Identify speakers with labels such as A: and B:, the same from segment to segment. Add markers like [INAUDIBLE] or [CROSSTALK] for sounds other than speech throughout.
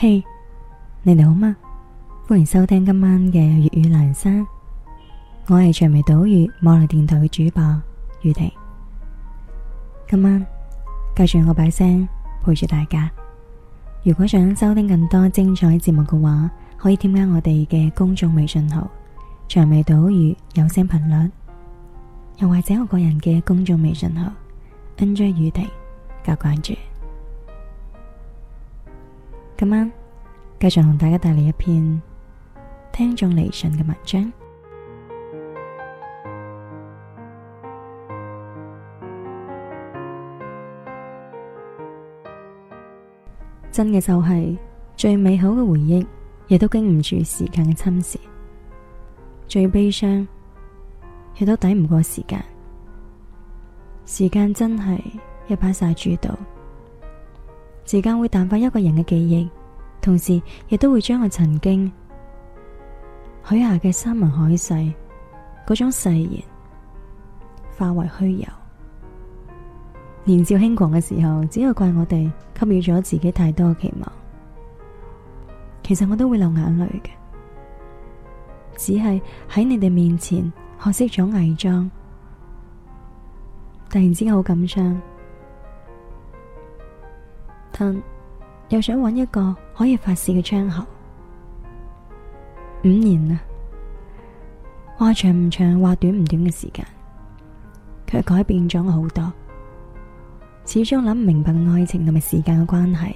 A: 嘿，hey, 你哋好嗎？歡迎收聽今晚嘅粵語欄，我係長眉島語網絡電台嘅主播雨婷。今晚繼續我把聲陪住大家。如果想收聽更多精彩節目嘅話，可以添加我哋嘅公眾微信號長眉島語有聲頻率，又或者我個人嘅公眾微信號 n j 雨婷，加關注。今晚。繼續同大家帶嚟一篇聽眾嚟信嘅文章。真嘅就係最美好嘅回憶，亦都經唔住時間嘅侵蝕；最悲傷，亦都抵唔過時間。時間真係一把殺豬刀，時間會淡化一個人嘅記憶。同時，亦都會將我曾經許下嘅山盟海誓，嗰種誓言化為虛有。年少輕狂嘅時候，只有怪我哋給予咗自己太多嘅期望。其實我都會流眼淚嘅，只係喺你哋面前學識咗偽裝。突然之間好感傷，但又想揾一個可以發洩嘅窗口，五年啦，話長唔長，話短唔短嘅時間，卻改變咗好多。始終諗唔明白愛情同埋時間嘅關係，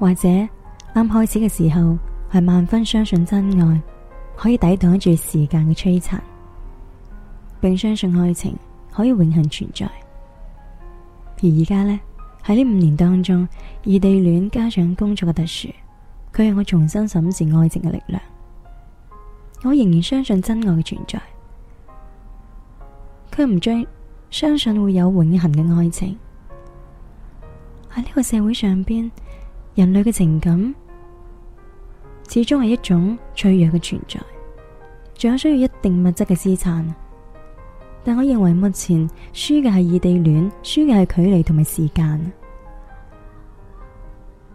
A: 或者啱開始嘅時候係萬分相信真愛可以抵擋住時間嘅摧殘，並相信愛情可以永恆存在，而而家呢，喺呢五年當中，異地戀加上工作嘅特殊，佢讓我重新審視愛情嘅力量。我仍然相信真愛嘅存在，佢唔再相信會有永恒嘅愛情。喺呢個社會上邊，人類嘅情感始終係一種脆弱嘅存在，仲有需要一定物質嘅支撐。但我認為目前輸嘅係異地戀，輸嘅係距離同埋時間。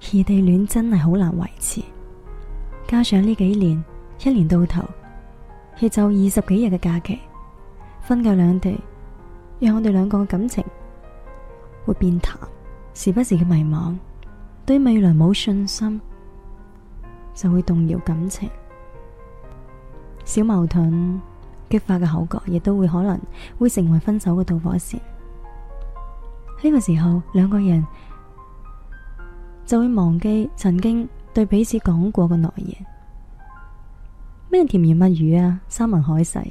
A: 異地戀真係好難維持，加上呢幾年，一年到頭，亦就二十幾日嘅假期，分隔兩地，讓我哋兩個嘅感情會變淡，時不時嘅迷茫，對未來冇信心，就會動搖感情，小矛盾激化嘅口角，亦都會可能會成為分手嘅導火線。呢、呢個時候，兩個人。就會忘記曾經對彼此講過嘅諾言，咩甜言蜜語啊，山盟海誓，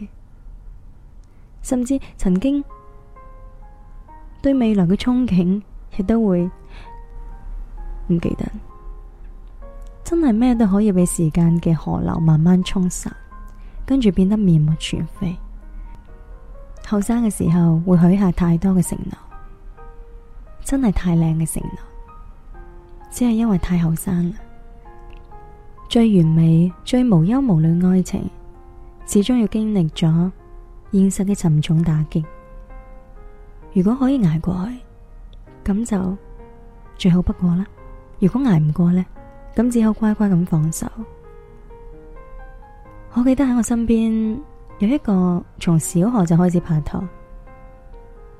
A: 甚至曾經對未來嘅憧憬，亦都會唔記得。真係咩都可以俾時間嘅河流慢慢沖散，跟住變得面目全非。後生嘅時候會許下太多嘅承諾，真係太靚嘅承諾。只係因為太後生，最完美、最無憂無慮愛情，始終要經歷咗現實嘅沉重打擊。如果可以捱過去，咁就最好不過啦。如果捱唔過呢，咁只好乖乖咁放手。我記得喺我身邊有一個從小學就開始拍拖，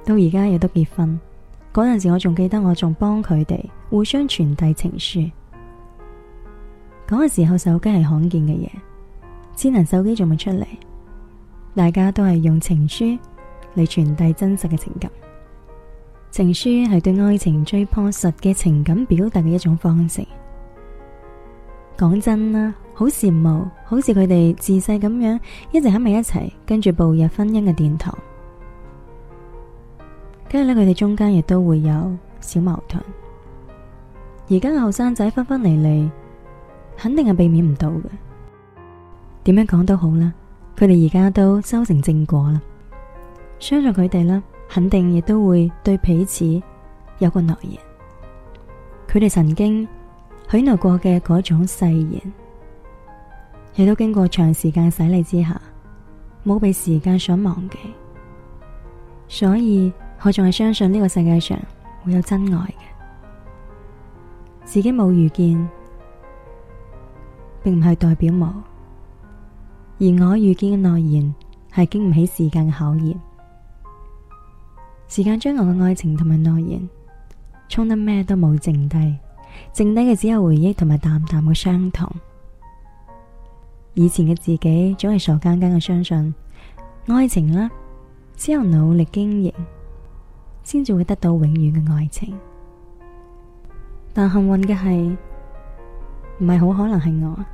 A: 到而家亦都結婚。嗰陣時我仲記得我仲幫佢哋互相傳遞情書，嗰個時候手機係罕見嘅嘢，智能手機仲未出嚟，大家都係用情書嚟傳遞真實嘅情感。情書係對愛情最樸實嘅情感表達嘅一種方式。講真啦，好羨慕，好似佢哋自細咁樣一直喺埋一齊，跟住步入婚姻嘅殿堂。跟住咧，佢哋中間亦都會有小矛盾。而家嘅後生仔分分離離，肯定係避免唔到嘅。點樣講都好啦，佢哋而家都修成正果啦。相信佢哋啦，肯定亦都會對彼此有個諾言。佢哋曾經許諾過嘅嗰種誓言，亦都經過長時間嘅洗禮之下，冇被時間所忘記。所以，我仲係相信呢個世界上會有真愛嘅，自己冇遇見，並唔係代表冇。而我遇見嘅諾言係經唔起時間嘅考驗。時間將我嘅愛情同埋諾言沖得咩都冇剩低，剩低嘅只有回憶同埋淡淡嘅傷痛。以前嘅自己總係傻更更嘅相信愛情啦，只有努力經營。先至會得到永遠嘅愛情，但幸運嘅係唔係好可能係我，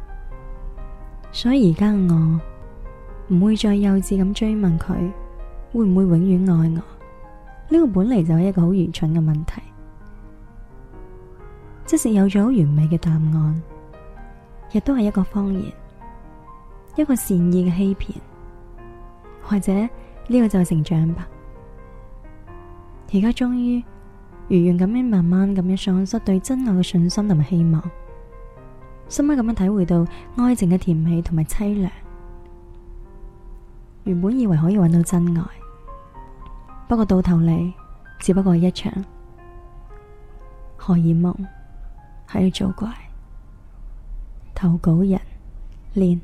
A: 所以而家我唔會再幼稚咁追問佢會唔會永遠愛我。呢個本嚟就係一個好愚蠢嘅問題，即使有咗好完美嘅答案，亦都係一個謊言，一個善意嘅欺騙，或者呢個就係成長吧。而家終於如願咁樣，愉愉地慢慢咁樣喪失對真愛嘅信心同埋希望，深刻咁樣體會到愛情嘅甜美同埋淒涼。原本以為可以揾到真愛，不過到頭嚟只不過係一場荷爾蒙喺度做怪。投稿人練，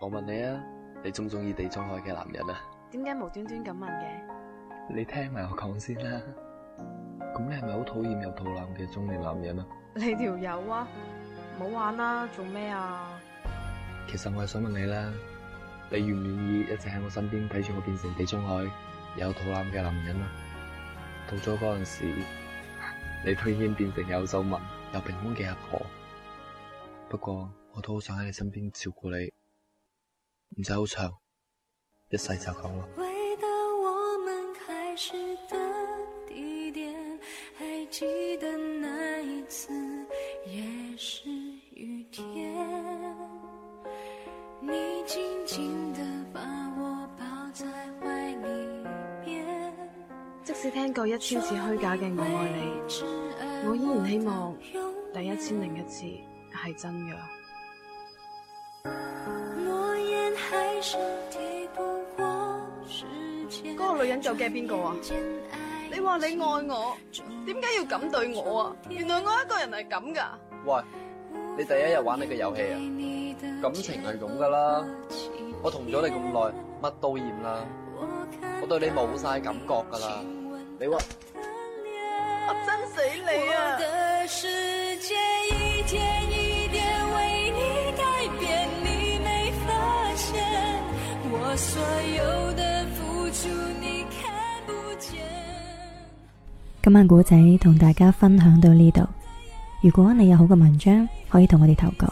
B: 我問你啊。你中唔中意地中海嘅男人啊？點解無端端咁問嘅？你聽埋我講先啦。咁 [LAUGHS] 你係咪好討厭有肚腩嘅中年男人啊？
A: 你條友啊，唔好玩啦，做咩啊？
B: 其實我係想問你啦，你願唔願意一直喺我身邊睇住我變成地中海有肚腩嘅男人啊？到咗嗰陣時， [LAUGHS] 你都已經變成有皺紋、有平胸嘅阿婆。不過我都好想喺你身邊照顧你。唔使好長，一世就
A: 講啦。回到我們開始的地點，還記得那一次也是雨天，你靜靜地把我抱在懷裡面。即使聽過一千次虛假嘅我愛你，我依然希望第一千零一次係真嘅。女人就驚邊個啊？你話你愛我，點
B: 解要咁對我啊？原來我一個人係咁噶。喂，你第一日玩你嘅遊戲啊？感情係咁噶啦，我同咗你咁耐，乜都厭啦，我對你冇晒感覺噶啦。你話，
A: 我憎死你啊！今晚古仔同大家分享到呢度。如果你有好嘅文章，可以同我哋投稿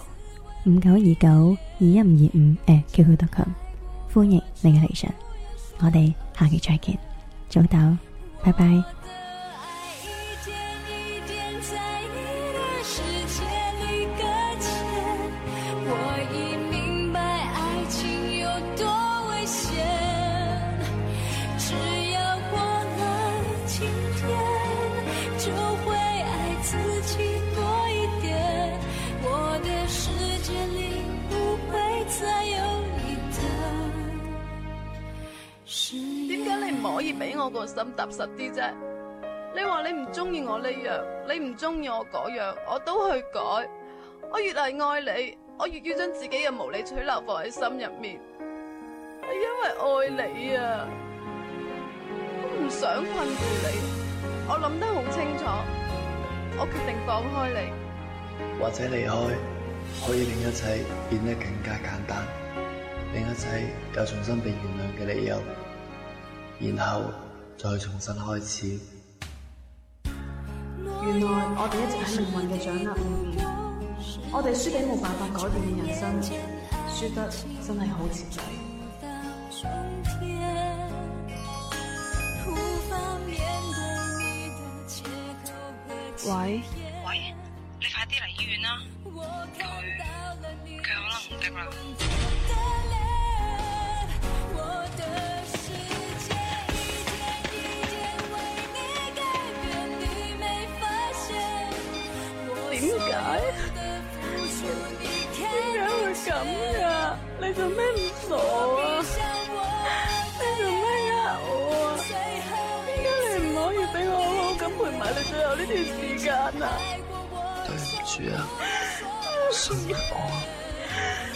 A: 五九二九二一五二五誒，qq.com。Q q. 歡迎你嘅嚟信。我哋下期再見。早唞，拜拜。
B: 我個心踏實啲啫。你話你唔中意我呢樣，你唔中意我嗰樣，我都去改。我越嚟愛你，我越要將自己嘅無理取鬧放喺心入面，係因為愛你啊，我唔想困住你。我諗得好清楚，我決定放開你，或者離開，可以令一切變得更加簡單，令一切有重新被原諒嘅理由，然後。再重新開始。
A: 原來我哋一直喺命運嘅掌握裏面，嗯、我哋輸俾冇辦法改變嘅人生，輸得真係好慘。喂，喂，你快啲嚟醫院啦，佢佢可能唔得啦。
B: 做咩唔傻啊？你做咩呀我啊？點解你唔可以俾我好好咁陪埋你最後呢段時間啊？對唔住啊，是 [LAUGHS] 給我。 [LAUGHS]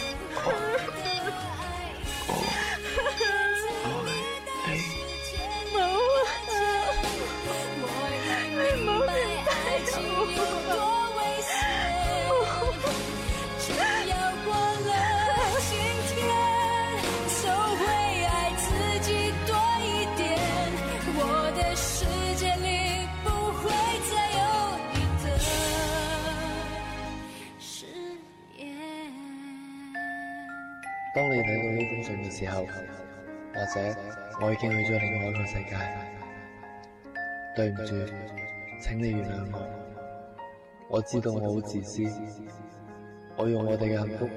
B: 時候，或者我已經去咗另外一個世界。對唔住，請你原諒我。我知道我好自私，我用我哋嘅幸福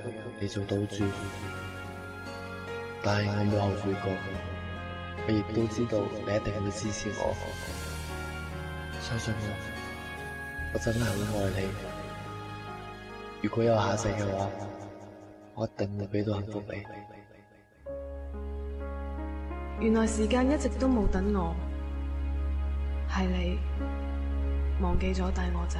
B: 嚟做賭注，但係我冇後悔過。我亦都知道你一定係會支持我。相信我，我真係好愛你。如果有下世嘅話，我一定會俾到幸福你。原來時間一直都冇等我，係你忘記咗帶我走。